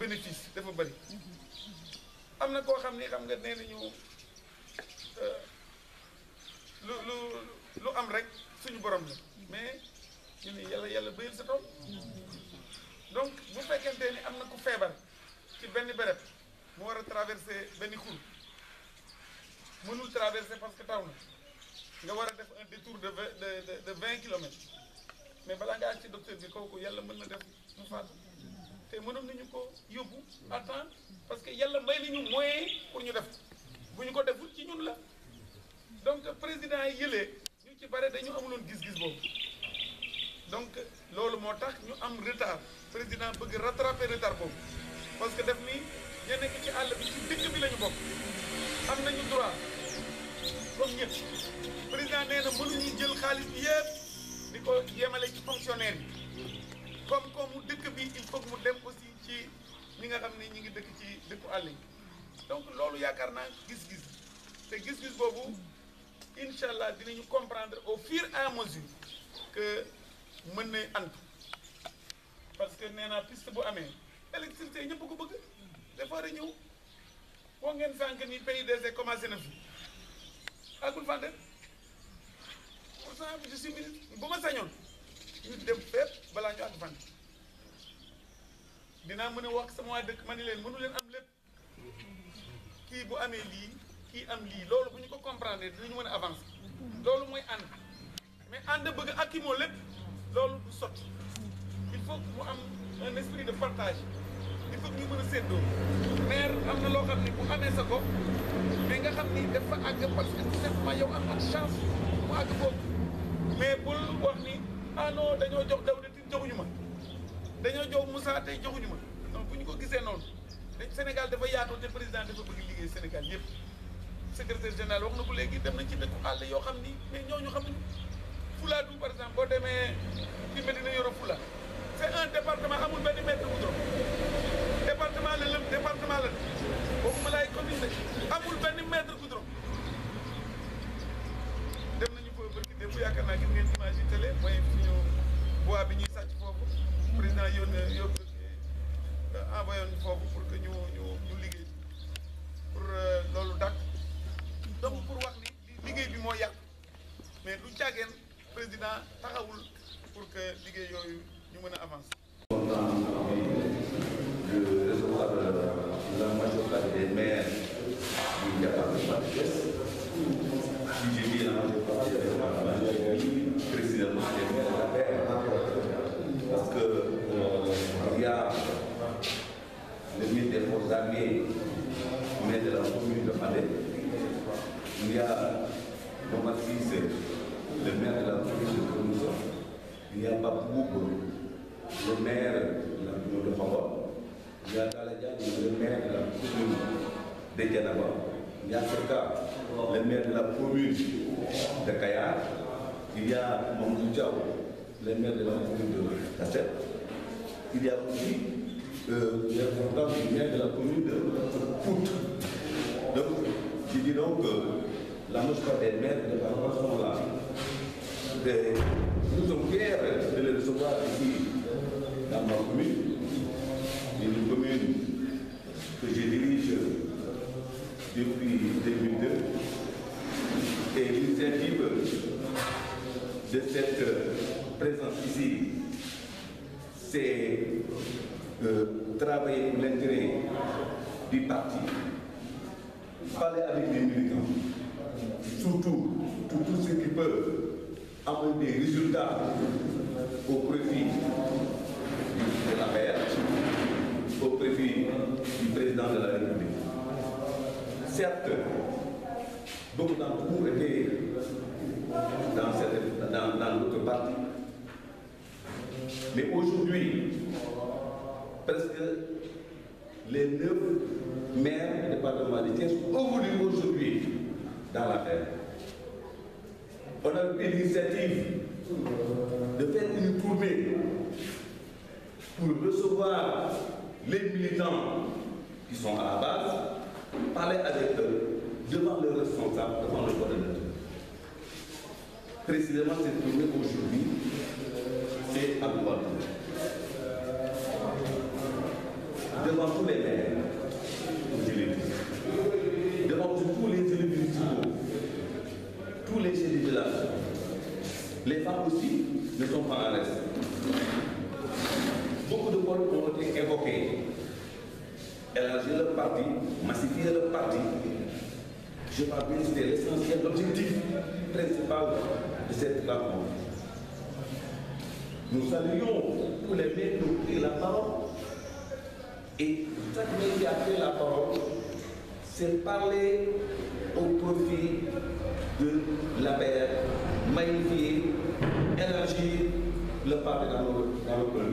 bénéfice dafa bëri am na koo xam ni xam nga nee nañu euh, lu lu lu am rek suñu borom la mais ñu ne yàlla yàlla bëyal sa tool donc bu fekkente ni am na ku feebar ci benn béréb mu war a traverser benn xur mënul traverser parce que taw nga war a def un détour de de de vingt kilomètres mais balaa nga àgg ci docteur bi kooku yàlla mën na def mu faatu. te mënoon nañu ko yóbbu à temps parce que yàlla mbay may ñu moyen pour ñu def bu ñu ko deful ci ñun la donc président yi yëlee ñu ci bare dañu amuloon gis-gis boobu donc loolu moo tax ñu am retard président bëgg rattraper retard boobu parce que def ni ñu nekk ci àll bi ci dëkk bi la bokk am nañu droit comme ñëpp président nee na mënuñu jël xaalis bi yëpp di ko yemale ci fonctionnaire yi comme comme bi il faut mu dem aussi ci ñi nga xam ne ñu ngi dëkk ci dëkku àll yi donc loolu yaakaar naa gis-gis te gis-gis boobu incha allah dinañu comprendre au fire et à mesure que mën na antu parce que nee naa piste bu amee électricité ñëpp ko bëgg dafa war a ñëw woo ngeen sànq ni PUDC commencé na fi àggul fànde pour ça bu ma sañoon ñu dem fépp balaa ñu àgg fànde dinaa mën a wax sama waa dëkk ma ne leen mënu leen am lépp kii bu amee lii kii am lii loolu bu ñu ko comprendre dinañu mën a loolu mooy ànd mais ànd bëgg ak kii moo lépp loolu du sotti il faut que mu am un de partage il faut ñu mën a séddoo maire am na loo xam ne bu amee sa ko mais nga xam ni dafa àgg parce que tout simplement am ak chance mu àgg foofu mais bul wax ni ah dañoo jox daw dañoo jox Moussa tey joxuñu ma donc bu ñu ko gisee noonu de Sénégal dafa yaatoo te président dafa bëgg liggéey Sénégal yëpp secrétaire général wax na ko léegi dem nañ ci dëkku àll yoo xam ni mais ñooñu xamuñu Fulaadu par exemple boo demee fi Medina Yoro Fula c' est un département amul benn maître bu doon département la lëm département la boobu ma laay commune amul benn maître bu doon dem nañu foofu barki démb yaakaar naa gis ngeen image yi bois bi ñuy sàcc foofu président yónnee yóbbu euh, envoyé ñu foofu pour que ñu ñu ñu liggéey pour euh, loolu dàq donc pour wax ni liggéey bi moo yàq mais lu jàggeen président taxawul pour que liggéey yooyu ñu mën a avancer. Gueye, maire de la commune de Fadé. Il y a Thomas Cissé, le maire de la commune de Koumoussa. Il y a Babou le maire de la commune de Faba. Il y a Taladia, le maire de la commune de Dianaba. Il y a Seka, le maire de la commune la mouche des maîtres de parents sont là. Et nous de les recevoir ici, dans ma commune, une commune que je dirige depuis 2002. Et l'initiative de cette présence ici, c'est euh, travailler pour l'intérêt du parti, parler avec les militants. surtout tous ceux qui peuvent amener des résultats au profit de la PR, au profit du président de la République. Certes, beaucoup d'entre vous étaient dans, cette, dans, dans notre parti. Mais aujourd'hui, presque les neuf maires départementaux sont au aujourd'hui dans la paix. On a eu l'initiative de faire une tournée pour recevoir les militants qui sont à la base, parler avec eux devant les responsables, devant le coordonnateur. Précisément, cette tournée aujourd'hui, c'est à Boubacar. d'autres ont été évoqués. Élargir le parti, massifier le parti, je vais bien citer l'essentiel, l'objectif principal de cette plateforme. Nous saluons tous les maires qui ont pris la parole et chaque maire qui la parole s'est parlé au profit de la paix, magnifier, élargir le parti dans le, dans le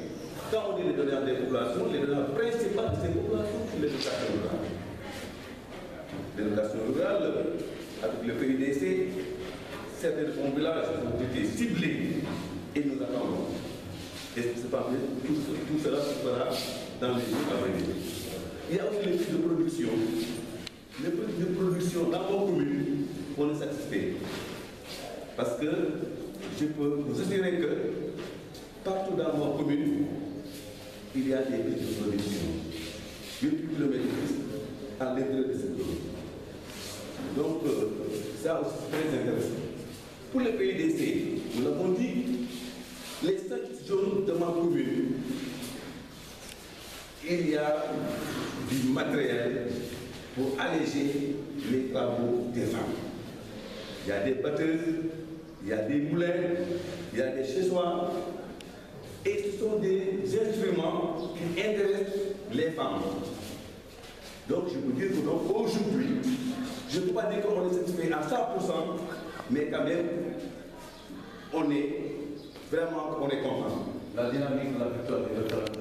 Quand on dit les donneurs des populations, les donneurs principaux de ces populations, c'est l'éducation rurale. L'éducation rurale, avec le PUDC, certains fonds villages ont été ciblés et nous attendons. Et c'est parmi tout, cela se dans les jours à venir. Il les prix de production. Les prix de production dans communes, on est satisfait. Parce que je peux vous assurer que partout dans communes, il y a des petites productions huit kilomètres à l'intérieur de cette zone donc euh, ça aussi c'est très intéressant pour les PUDC nous l'avons dit les sept zones de ma commune il a du matériel pour alléger les travaux des femmes il y a des batteuses il y a des Et ce sont des instruments qui intéressent les femmes. Donc je peux dire que aujourd'hui, je ne peux pas dire qu'on est satisfait à 100%, mais quand même, on est vraiment on est content. La dynamique de la victoire